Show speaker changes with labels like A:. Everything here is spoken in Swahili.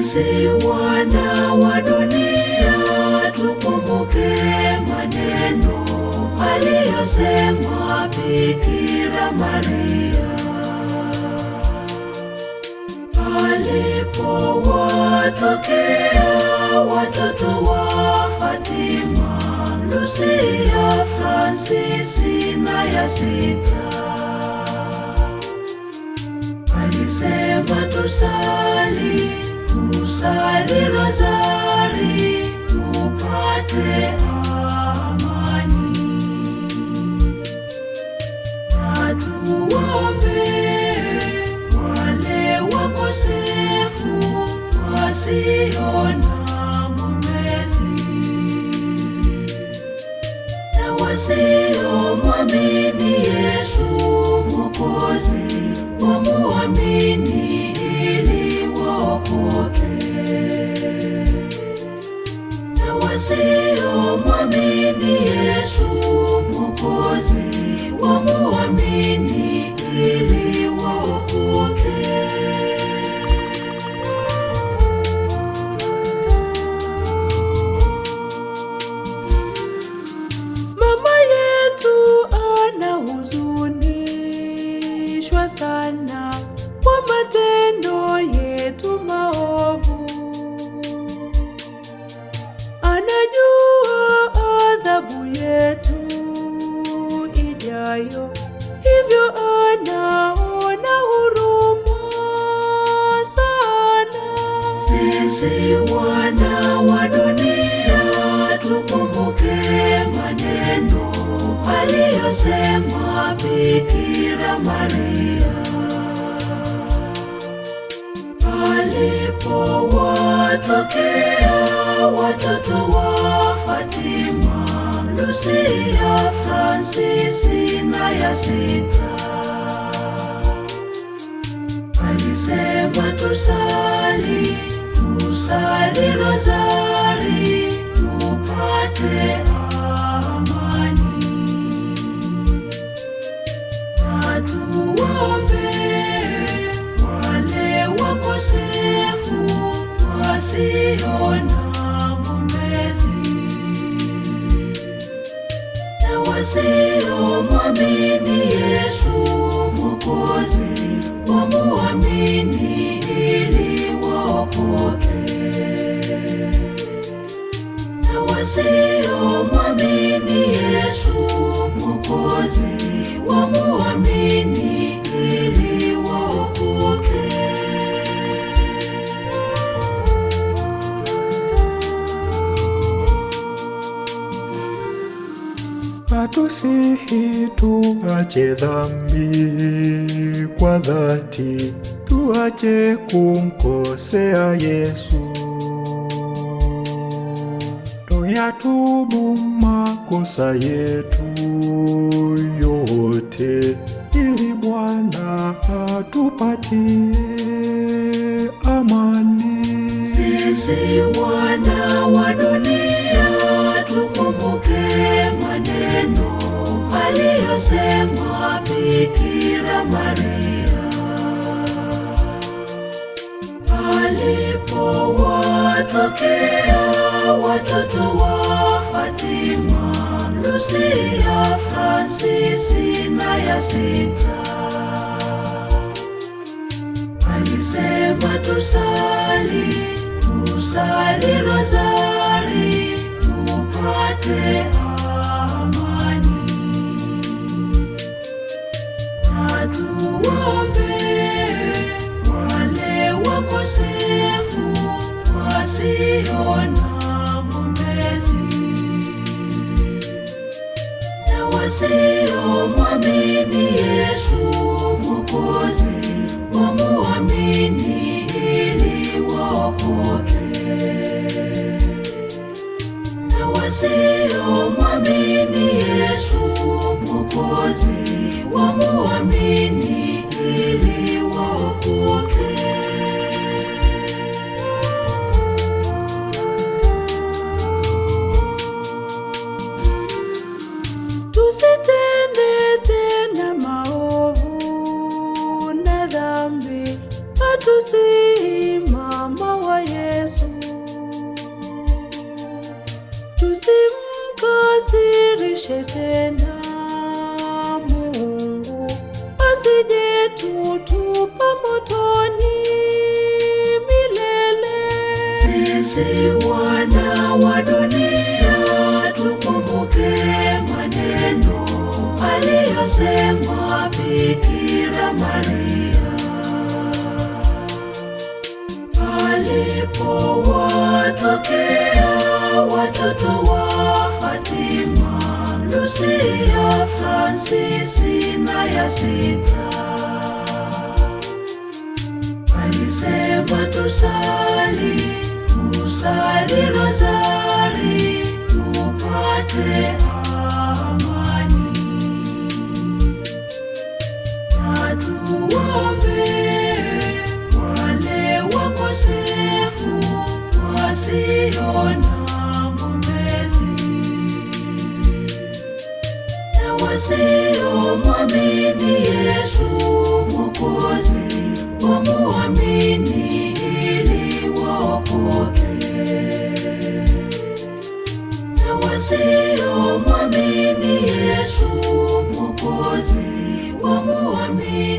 A: Sisi wana wa dunia tukumbuke maneno aliyosema Bikira Maria alipowatokea watoto wa Fatima, Lucia, Fransisi na Yasinta alisema tusa tusali rozari tupate amani, na tuwaombee wale wakosefu wasio na mwombezi na wasiomwamini Yesu Mwokozi wamuamini ili waokoke. asiyemwamini Yesu mwokozi wangu Sisi wana wa dunia tukumbuke maneno aliyosema Bikira Maria alipowatokea watoto wa Fatima, Lucia, Fransisi na Yasinta. Alisema tusali Kusali rozari upate amani, na tuwaombee wale wakosefu wasio na Mwombezi, na mwamini Yesu Mwokozi wamuamini ili wote na wasiomwamini Yesu Mwokozi wamuamini ili waokoke.
B: Atusihi tuache dhambi kwa dhati tuache kumkosea Yesu, tuyatubu makosa yetu yote, ili Bwana atupatie amani.
A: Sisi wana wa dunia tukumbuke maneno aliyosema Bikira Maria walipowatokea watoto wa Fatima, Lucia, Fransisi na Yasinta, alisema tusali, tusali rozari tupate usiomwamini
C: Tusimkasirishe tena Mungu, asije tutupa motoni milele.
A: Sisi wana wa dunia tukumbuke maneno aliyosema Bikira Maria alipowatokea mtoto wa Fatima, Lucia, Fransisi na Yasipra walisema tusali, tusali rozari tupate Mungu